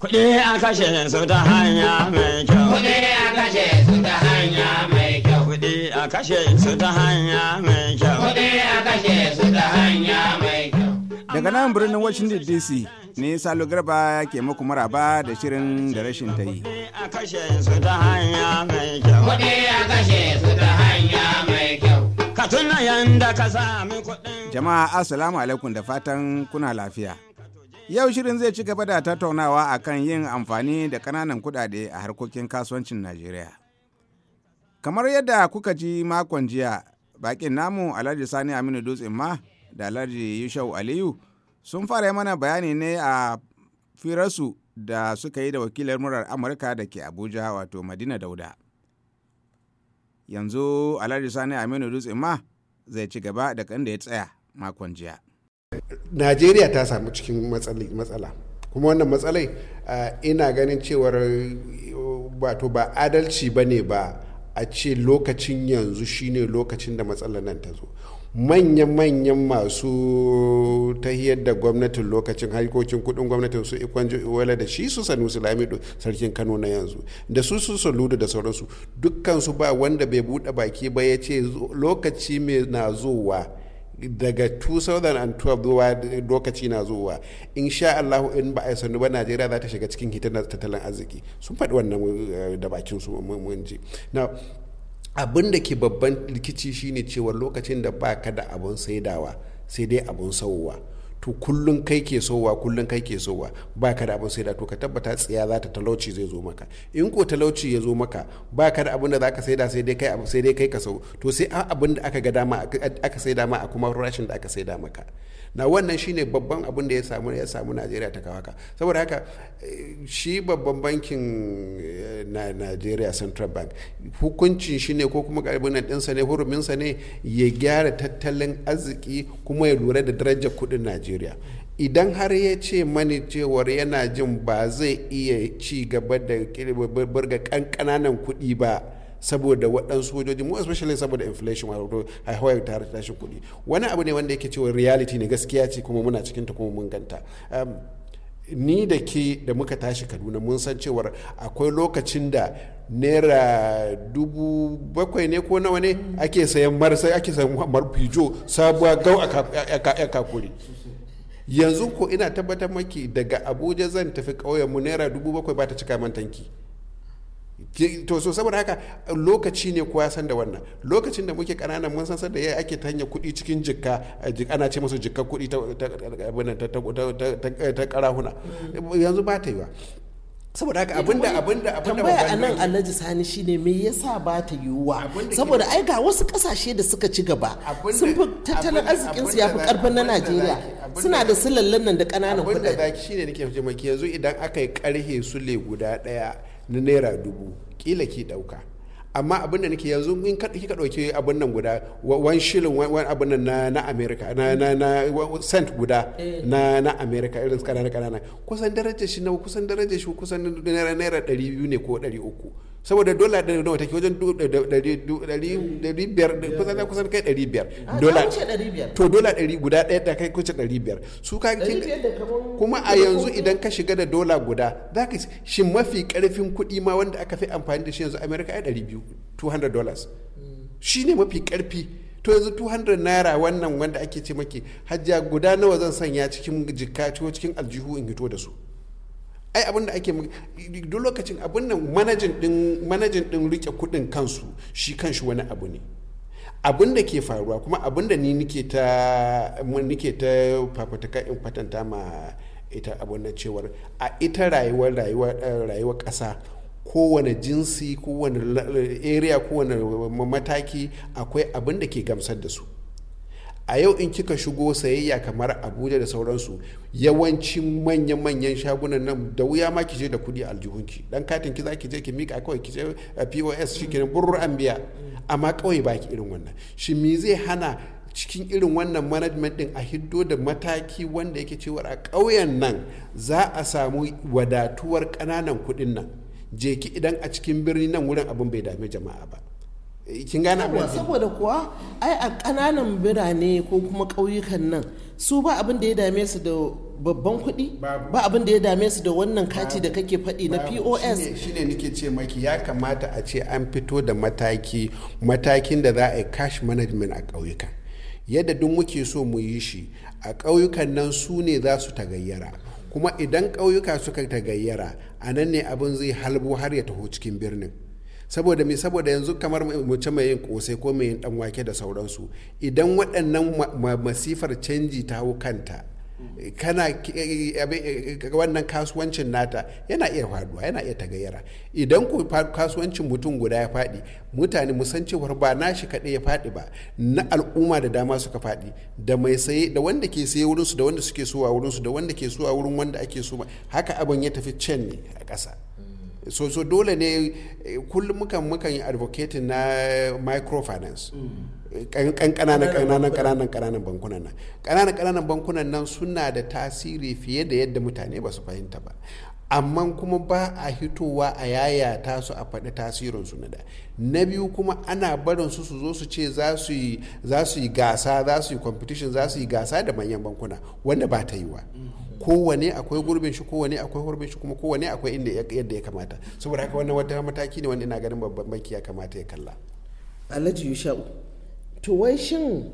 Kuɗi a kashe su ta hanya mai kyau. Kuɗi a kashe su ta hanya mai kyau. Kuɗi a kashe su ta hanya mai kyau. Kuɗi a kashe su ta hanya mai kyau. Daga nan birnin Washington DC ne Salo Garba ke muku maraba da shirin da rashin ta yi. Kuɗi a kashe su ta hanya mai kyau. Kuɗi a kashe su ta hanya mai kyau. Ka tuna yanda ka sami kuɗin. Jama'a Assalamu alaikum da fatan kuna lafiya. Yau shirin zai ci gaba da tattaunawa a kan yin amfani da ƙananan kuɗaɗe a harkokin kasuwancin Najeriya. Kamar yadda kuka ji makon jiya, bakin namu Alhaji Sani Aminu Dutsen ma da Alhaji Yushau Aliyu sun fara mana bayani ne a firarsu da suka yi da wakilar murar Amurka da ke Abuja wato Madina Dauda. Yanzu Alhaji Sani Aminu Dutsen ma zai ci gaba da kan da ya tsaya makon jiya. najeriya ta samu cikin matsala kuma wannan matsalai eh, ina ganin cewar wato ba adalci ba ne ba a ce lokacin yanzu shine lokacin da matsalar nan ta zo manya-manyan masu ta da gwamnatin lokacin harkokin kudin gwamnatin su ikon iwala da shi su sanu lamido sarkin kano na yanzu da su su saludu da sauransu dukkan su ba wanda bai buɗe baki ba ya ce lokaci mai na zowa daga 2012 lokaci na zuwa insha Allah in ba a yi sannu ba Najeriya za ta shiga cikin hitar tattalin arziki sun faɗi wannan eh, da bakin su mun ji abin da ke babban rikici shine cewa lokacin da ba ka da abun saidawa sai dai abun sauwa to kullun kai ke sowa kullun kai ke sowa ka da abin sai da to ka tabbata tsiya za ta talauci zai zo maka in ko talauci ya zo maka ba ka da abin da ka saida sai dai kai sai dai kai ka sau to sai abin da aka ga dama aka saida ma a kuma rashin da aka saida maka na wannan shine babban abin da ya samu ya samu Najeriya ta kawaka saboda haka eh, shi babban bankin eh, na Najeriya Central Bank hukuncin shi ne ko kuma karibin nan ɗinsa ne sa ne ya gyara tattalin arziki kuma ya lura da darajar kuɗin Najeriya najeriya idan har ya ce mani cewar yana jin ba zai iya ci gaba da burga kankananan kuɗi ba saboda waɗansu sojoji mu especially saboda inflation wato haihuwar ta harta tashin kuɗi wani abu ne wanda yake cewa reality ne gaskiya ce kuma muna cikin ta kuma mun ganta um, ni da ke da muka tashi kaduna mun san cewar akwai lokacin da naira dubu bakwai ne ko nawa ne ake sayan marfi jo sabuwa gau a kakuri yanzu ko ina tabbatar maki daga abuja zan tafi ƙauyen mu naira dubu bakwai ba ta cika man tanki to so saboda haka lokaci ne kowa san da wannan lokacin da muke kananan mun san da ya ake ta hanyar kuɗi cikin jikka ana ce musu jikka kuɗi ta karahuna yanzu ba ta yi ba saboda haka abinda abinda abinda tambaya a nan alhaji sani shine me yasa ba ta yiwuwa saboda ai ga wasu kasashe da suka ci gaba sun fi tattalin arzikin su yafi karfin na Najeriya suna da su lallan nan da kananan kuɗi abinda zaki shine nake fice maki yanzu idan aka yi karhe sule guda daya na naira dubu kila ki dauka amma abin da nake yanzu in kika ɗauki abin nan guda wani shilin wani abin nan na na america na na na cent guda eh. na na america irin kanana kanana kusan darajar shi na kusan darajar shi kusan naira naira 200 ne ko 300 saboda dola da nawa take wajen ɗari biyar kusan kusan kai ɗari biyar ah, dollar to dola ɗari guda ɗaya da kai kusa ɗari biyar su ka kuma a yanzu idan ka shiga da dola guda za ka shi mafi ƙarfin kuɗi ma wanda aka fi amfani da shi yanzu america ya ɗari biyu 200 dollars hmm. shi ne mafi ƙarfi to yanzu 200 naira wannan wanda ake ce maki hajja guda nawa zan sanya cikin jikka cikin aljihu in hito da su ai abin da ake duk lokacin abin nan manajin din manajin din rike kudin kansu shi kanshi wani abu ne abin da ke faruwa kuma abin da ni nike ta nike ta fafataka in fatanta ma ita abin da cewar a ita rayuwar rayuwar eh, ƙasa kowane jinsi kowane area kowane mataki akwai abin da ke gamsar da su a yau in kika shigo sayayya kamar abuja da sauransu yawancin manya-manyan shagunan nan da wuya ma ki je da kudi aljihunki dan katin ki za ki je ki mika kawai ki je eh, pos shi kenan burur an biya amma kawai baki irin wannan shi me zai hana cikin irin wannan management din a hiddo da mataki wanda yake cewa a ƙauyen nan za a samu wadatuwar ƙananan kuɗin nan je ki idan a cikin birni nan wurin abin bai dame jama'a ba Eh, kin gane abin saboda kuwa ai a kananan birane ko kuma ƙauyukan nan su ba abin da ya dame su da babban kuɗi ba abin da ya dame su da wannan kati da kake faɗi na pos shine nake ce maki ya kamata a ce an fito da mataki matakin da za a yi cash management a ƙauyukan yadda duk muke so mu yi shi a ƙauyukan nan su ne za su tagayyara kuma idan ƙauyuka suka tagayyara a nan ne abin zai halbo har ya taho cikin birnin saboda me saboda yanzu kamar mace mai yin kosai ko mai yin dan wake da sauransu idan waɗannan masifar canji ta hau kanta kana eh, eh, eh, wannan kasuwancin nata yana iya faduwa yana iya tagayyara idan ku kasuwancin mutum guda ya faɗi mutane musan cewar ba nashi kaɗai ya faɗi ba na al'umma da dama suka faɗi da mai saye da wanda ke saye wurinsu da wanda suke so a wurinsu da wanda ke so a wurin wanda ake so haka abin ya tafi can ne a ƙasa so so dole ne eh, kullum mukan mukan yi advocate na microfinance mm. kan kananan kananan kananan bankunan nan kananan kananan bankunan nan suna da tasiri fiye da yadda mutane ba su fahimta ba amma kuma ba a hitowa a yayata su a faɗi tasirinsu na da na biyu kuma ana barin su su zo su ce za su yi gasa za su yi competition za su yi gasa da manyan bankuna wanda ba ta yi wa kowane akwai gurbin shi kowane akwai gurbin shi kuma kowane akwai inda yadda ya kamata saboda haka wannan wata mataki ne wanda ina ganin babban banki ya kamata ya kalla alhaji yushau to wai shin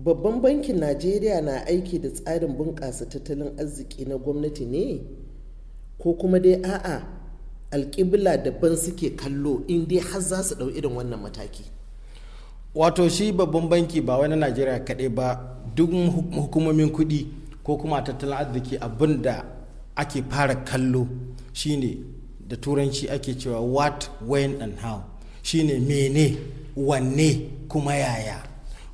babban bankin najeriya na aiki da tsarin bunƙasa tattalin arziki na gwamnati ne ko kuma dai a'a alƙibla daban suke kallo in dai har za su ɗau irin wannan mataki wato shi babban banki ba wani najeriya kaɗai ba duk hukumomin kuɗi ko kuma tattalin arziki abin da ake fara kallo shine da turanci ake cewa what when and how shine mene wanne kuma yaya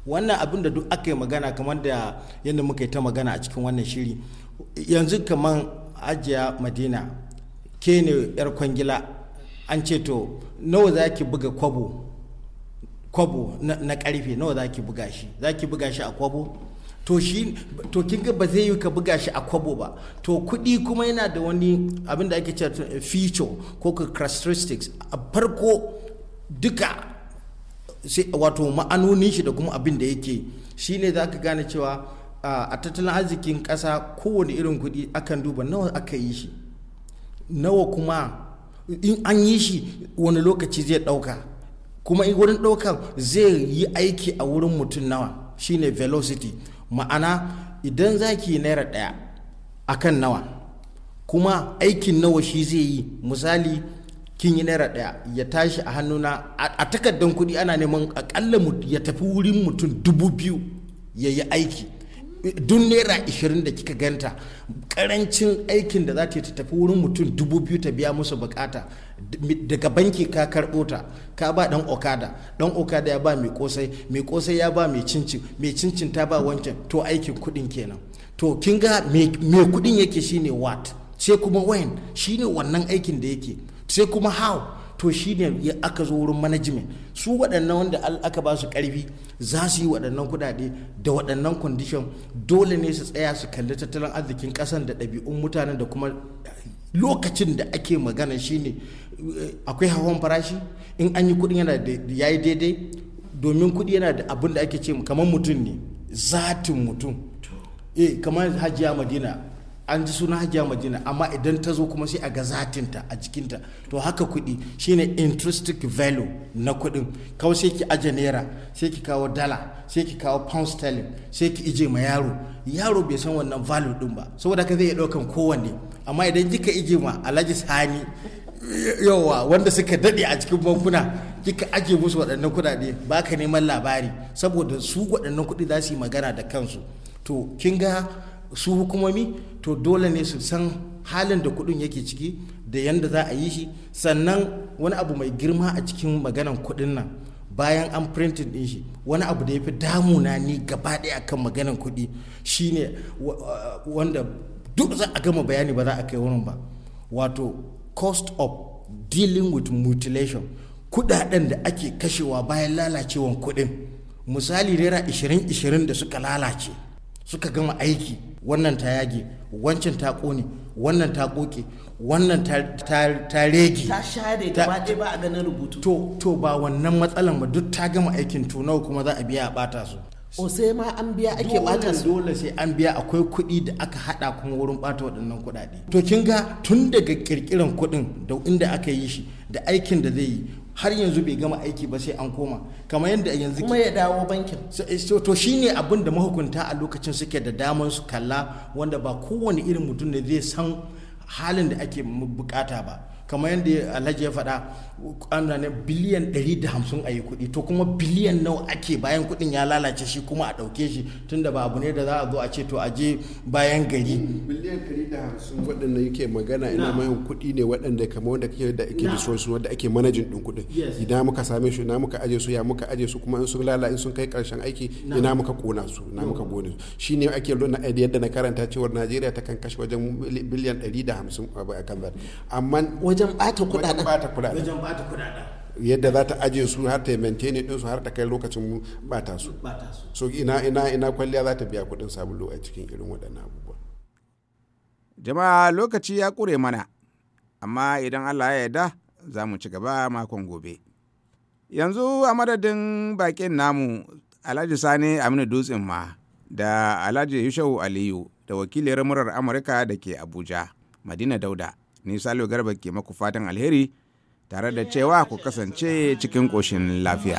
wannan abin da duk aka yi magana kamar da yadda muka yi ta magana a cikin wannan shiri yanzu kamar ajiya madina ke ne yar kwangila an ce to nawa za ki buga kwabo kwabo na karfe nawa za ki buga shi za ki buga shi a kwabo to shi to kin ga ba zai yi ka buga shi a kwabo ba to kuɗi kuma yana da wani abin da ake cewa feature ko ka characteristics a farko duka wato ma'anonin shi da kuma abin da yake shine za ka gane cewa Ah, a tattalin arzikin ƙasa kowane irin kuɗi akan duba nawa aka yi shi nawa kuma in an yi shi wani lokaci zai ɗauka kuma in wurin ɗaukar zai yi aiki a wurin mutum nawa shine velocity ma'ana idan za ki naira ɗaya akan nawa kuma aikin nawa shi zai yi misali kin yi naira ɗaya ya tashi a hannuna a takardar kuɗi ana neman akalla ya tafi wurin mutum dubu biyu ya yi aiki duk naira 20 da kika ganta karancin aikin da za ta tafi wurin mutum dubu biyu ta biya musu bukata daga banki ka karɓo ta ka ba dan okada dan okada ya ba mai kosai mai kosai ya ba mai cincin mai cincin ta ba wancan to aikin kuɗin kenan to kin ga mai kuɗin yake shine wat sai kuma when shine wannan aikin da yake sai kuma how to shi ne aka zo wurin management su waɗannan wanda aka ba su ƙarfi za su yi waɗannan kuɗaɗe da waɗannan condition dole ne su tsaya su kalli tattalin arzikin ƙasan da ɗabi'un mutanen da kuma lokacin da ake magana shine eh, akwai hawan farashi in an yi kuɗin yana da ya yi daidai domin kuɗi yana da abin da ake ce kamar mutum ne zatin mutum eh kamar hajiya madina an ji suna hajiya madina amma idan ta zo kuma sai a ga zatinta a jikinta to haka kuɗi shine intrinsic value na kuɗin kawai sai ki aje naira sai ki kawo dala sai ki kawo pound sterling sai ki ije ma yaro yaro bai san wannan value din ba saboda ka zai iya ɗaukan kowanne amma idan kika ije ma alhaji sani yawa wanda suka daɗe a cikin bankuna kika aje musu waɗannan kuɗaɗe ba ka neman labari saboda su waɗannan kuɗi za su yi magana da kansu to kin ga su hukumomi to dole ne su san halin da kudin yake ciki da yadda za a yi shi sannan wani abu mai girma a cikin maganan kudin nan bayan an printin din shi wani abu da ya fi damuna ni gaba daya akan maganan kudi shine wanda duk za a gama bayani ba za a kai wurin ba wato cost of dealing with mutilation kudaden da ake kashewa bayan lalacewan kudin misali naira ishirin 20 da suka lalace suka gama aiki wannan ta yage wancan ta kone wannan ta koke wannan ta rege ta share ta bace ba a ganin rubutu to ba wannan matsalan ba duk ta gama aikin to nawa kuma za a biya a bata su o sai ma an biya ake bata su dole sai an biya akwai kuɗi da aka hada kuma wurin bata waɗannan kuɗaɗe to kin ga tun daga kirkiran kuɗin da inda aka yi shi da aikin da zai yi har yanzu bai gama aiki ba sai an koma kamar yadda yanzu kuma ya dawo bankin eh, to shine abin da mahukunta a lokacin suke da damar su kalla wanda ba kowane irin mutum ne zai san halin da ake bukata ba kamar yadda alhaji ya faɗa an rane biliyan 150 a yi kuɗi to kuma biliyan nawa ake bayan kuɗin ya lalace shi kuma a ɗauke shi tunda ba abu ne da za a zo a ce to a je bayan gari biliyan 150 waɗanda yake magana ina mayan kuɗi ne waɗanda kama wanda kake da ake da su wanda ake manajin ɗin kuɗin ina muka same shi ina muka aje su ya muka aje su kuma in sun lala in sun kai ƙarshen aiki ina muka kona su ina muka gone su shine ake lona yadda na karanta cewar Najeriya ta kan kashe wajen biliyan 150 a kan amma wajen wajen bata kudaden yadda za ta aje su har ta maintain din su har ta kai lokacin bata su so ina ina ina kwalliya za ta biya kudin sabulu a cikin irin waɗannan abubuwa jama'a lokaci ya kure mana amma idan Allah ya yarda za mu ci gaba makon gobe yanzu a madadin bakin namu alhaji sani aminu dutsen ma da alhaji yushau aliyu da wakilin murar amurka da ke abuja madina dauda ni salo garba ke maku fatan alheri tare da cewa ku kasance cikin ƙoshin lafiya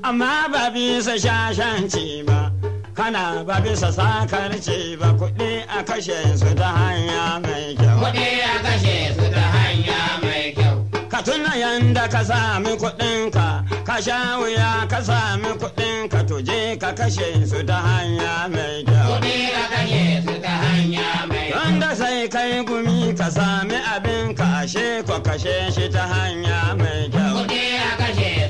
Amma ba bisa shashanci ba, kana ba bisa sakarci ba kuɗi a kashe su ta hanya mai kyau. Kuɗi a kashe su ta hanya mai kyau. Ka tuna yanda ka sami kuɗinka ka sha wuya ka sami kuɗin ka tuje ka kashe su ta hanya mai kyau. Kuɗi ka kashe su ta hanya mai kyau. Wanda sai kai gumi ka sami abin ka ashe ko kashe shi ta hanya mai kyau. Kuɗi ka kashe